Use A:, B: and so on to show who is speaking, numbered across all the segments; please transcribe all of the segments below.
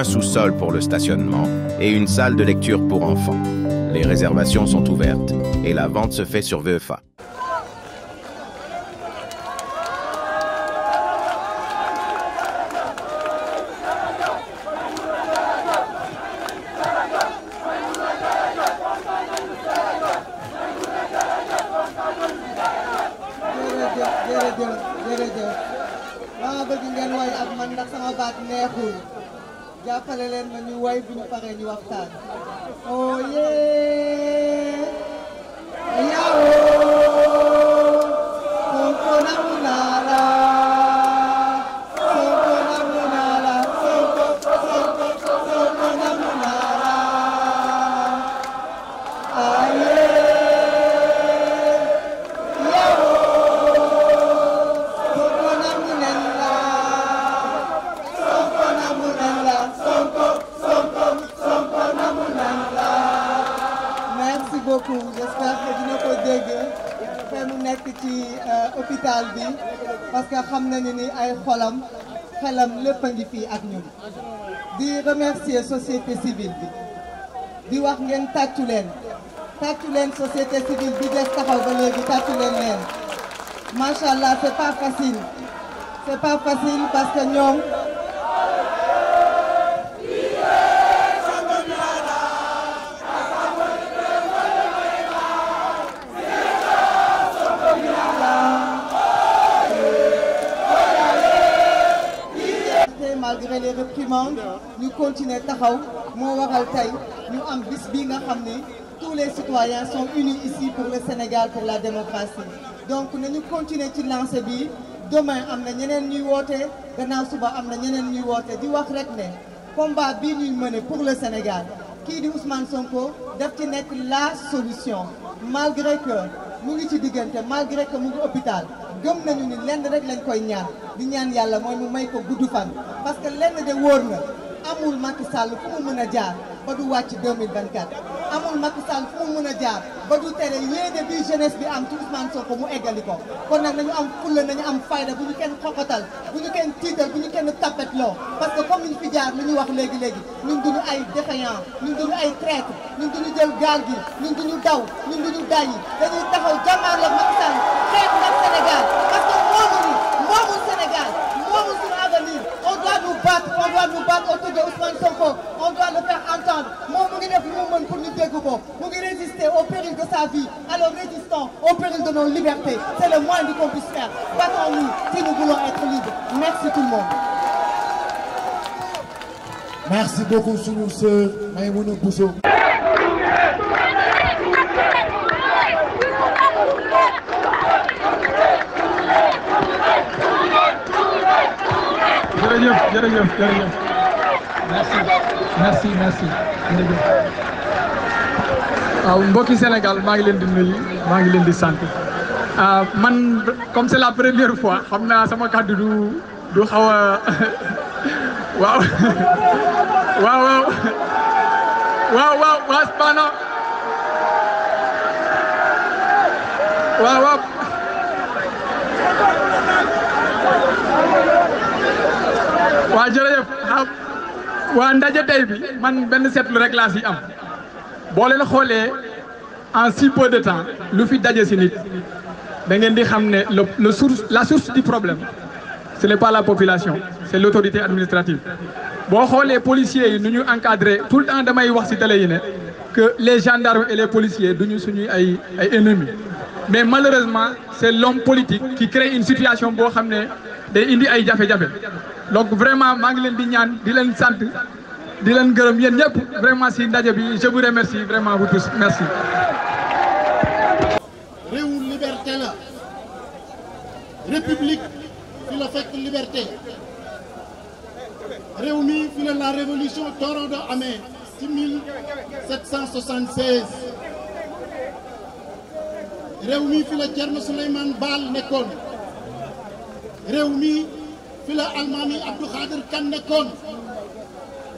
A: un sous-sol pour le stationnement et une salle de lecture pour enfants. Les réservations sont ouvertes et la vente se fait sur VEFA.
B: jërëjëf jërëjëf maa bëgg ngeen way ak man ndax sama baat neexul jàppale leen ma ñu way bu ñu paree ñu waxtaan. oh yeah. beaucoup j'espère que dina ko dégg te mu nekk ci euh, hôpital bi parce que xam nañu ni ay xolam xelam lépp a ngi fi ak ñun di remercier société civile bi di wax ngeen tàccu leen tàccu leen société civile bi des taxaw ba léegi tàccu leen leen macha allah c'est pas facile c'est pas facile que ñoom malgré les ñu continuer taxaw moo waral tey ñu am bis bi nga xam ne tous les citoyens sont unis ici pour le Sénégal pour la démocratie donc nañu continuer ci lancé bi demain am na ñeneen ñuy woote gannaaw suba am na ñeneen ñuy woote di wax rek ne combat bii ñuy mëne pour le Sénégal kii di Ousmane Sonko daf ci nekk la solution malgré que mu ngi ci diggante malgré que mu ngi hôpital gëm nañu ni lenn rek lañ koy ñaan di ñaan yàlla mooy mu may ko gudd fan parce que lenn de wóor na amul Macky Sall fu mu mën a jaar ba du wàcc 2024 amul Macky Sall fu mu mën a jaar ba du tere yéene bi jeunesse bi am ci Ousmane Sonko mu eggali kon nag nañu am fulla nañu am fayda bu ñu kenn xoqatal bu ñu kenn tiital bu ñu kenn tapet parce que comme ñu fi jaar lu ñu wax léegi léegi ñun duñu ay défaillant ñun duñu ay traître ñun duñu jël gaal gi ñun duñu daw ñun duñu dayyi dañuy taxaw jàmmaarloog Macky Sall xeex nag Sénégal parce que moomuñu moomul Sénégal moomul suñu avenir on doit nous battre on doit nous battre téléphone pour ñu dégg ko mu ngi résister au péril de sa vie alors résistons au péril de nos libertés c'est le moindre qu'on puisse faire battons-nous si nous voulons être libres merci tout le monde.
A: merci beaucoup sunu sœur Maïmouna Bousso. jërëjëf jërëjëf jërëjëf merci merci merci jërëjëf waaw mbokki Sénégal maa ngi leen di nuyu maa ngi leen di sant ah, man comme c'est la première fois xam naa sama kàddu du du xaw a waaw waaw waaw waaw waaw waaw bana waaw waaw waa jërëjëf waa ndaje tey bi man benn seetlu rek laa si am boo leen xoolee en si peu de temps lu fi daje si nit da ngeen di xam ne le le source la source du problème ce n'est pas la population c'est l'autorité administrative boo xoolee policiers yi nu ñu encadré tout le temps damay wax ci télé yi ne que les gendarmes et les policiers duñu suñuy ay ay ennemis mais malheureusement c'est l'homme politique qui crée une situation boo xam ne day indi ay jafe-jafe donc vraiment maa ngi leen di ñaan di leen sant di leen gërëm yéen ñëpp vraiment si ndaje bi je vous remercie vraiment vous tous merci. réewu liberté la république fi fekk liberté réew mi fi la la révolution Torodo amee ci 1776 réew mi fi la Thierno Baal nekkoon réew mi fi la almaami Abdou Khadir nekkoon.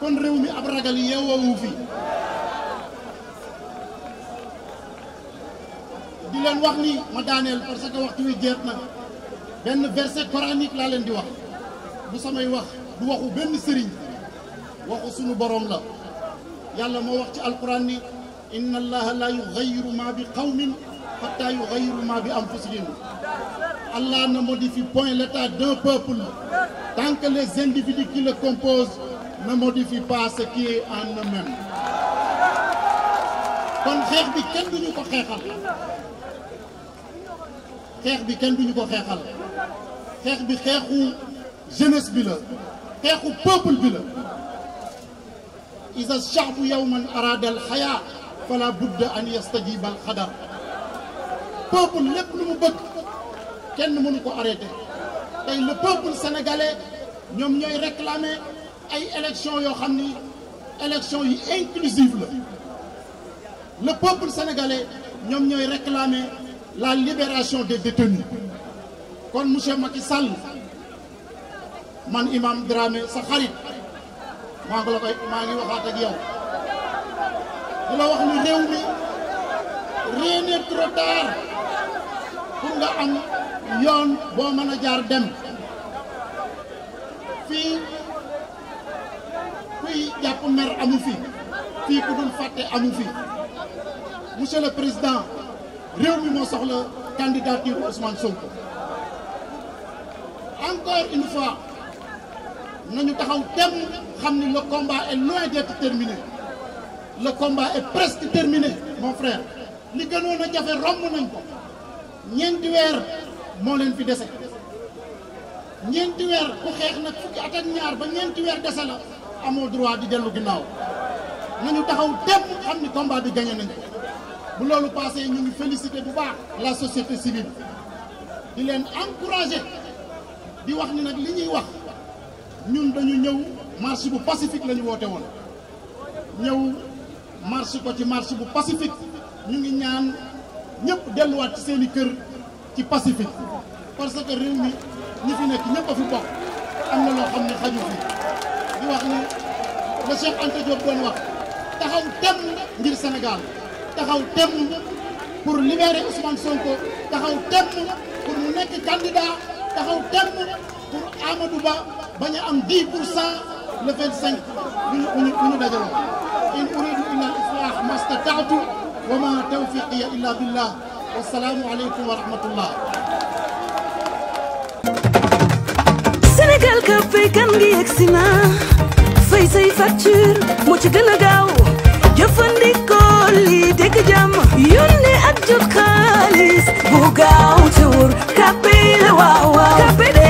A: kon réew mi ab ragal yeewoowu fi di leen wax ni ma daaneel parce que waxtu wi jeet na benn verset coranique laa leen di wax bu samay wax du waxu benn sëriñ waxu sunu boroom la yàlla moo wax ci alquran ni inna allaha la yughayyiru ma bi qawmin hatta yughayyiru ma bi anfusihim Allah ne modifie point l'état d'un peuple tant que les individus qui le composent ne modifie pas ce qui est en kon xeex bi kenn duñu ko xeexal xeex bi kenn duñu ko xeexal xeex bi xeexu jeunesse bi la xeexu peuple bi la isa shaabu yawman arada al xayaa fala budda an yastajiba al xadar peuple lépp lu mu bëgg kenn mënu ko arrêté tey le peuple sénégalais ñoom ñooy réclamer ay élection yoo xam ni élection yi inclusive la le peuple sénégalais ñoom ñooy réclamer la libération des détenus kon monsieur Macky Sall man Imam Dramé sa xarit maa ngi la koy maa ngi waxaat ak yow di la wax ni réew mi rien trop tard pour nga am yoon boo mën a jaar dem fii kuy jàpp mer fii ku dul fàtte fi monsieur le président réew moo soxla candidature Ousmane Sonko encore une fois nañu xam ni le combat est loin d'être terminé le li gënoon a jafe romb nañ ko ñeenti weer moo leen fi dese ñeenti weer ku xeex nag fukki at ak ñaar ba ñeenti weer dese la amoo droit di dellu ginnaaw nañu taxaw tepp xam ni combat bi gagné bu loolu passé ñu ngi félicité bu baax la société civile di leen encouragé di wax ni nag li ñuy wax ñun dañu ñëw marche bu pacifique la ñu woote woon ñëw marche ko ci marche bu pacifique ñu ngi ñaan ñëpp delluwaat ci seen i kër ci pacifique parce que réew mi ñi fi nekk ñëpp a fi bokk am na loo xam ne xaju fi di wax ni le Cheikh Anta Diop wax taxaw tem ngir Sénégal taxaw tem pour libérer Ousmane Sonko taxaw tem pour mu nekk candidat taxaw tem pour Amadou Ba bañ a am 10 pour cent le 25 bu in uridu illa al-islah wa ma tawfiqiya illa billah wa salaamu aleykum wa rahmatullah ka faykan gi yegsi na fay say facture moo ci gën a gaaw jëfandikoo lii dégg jàmm yónne ak jot xaalis bu gaaw te wóor kàppee la waaw waaw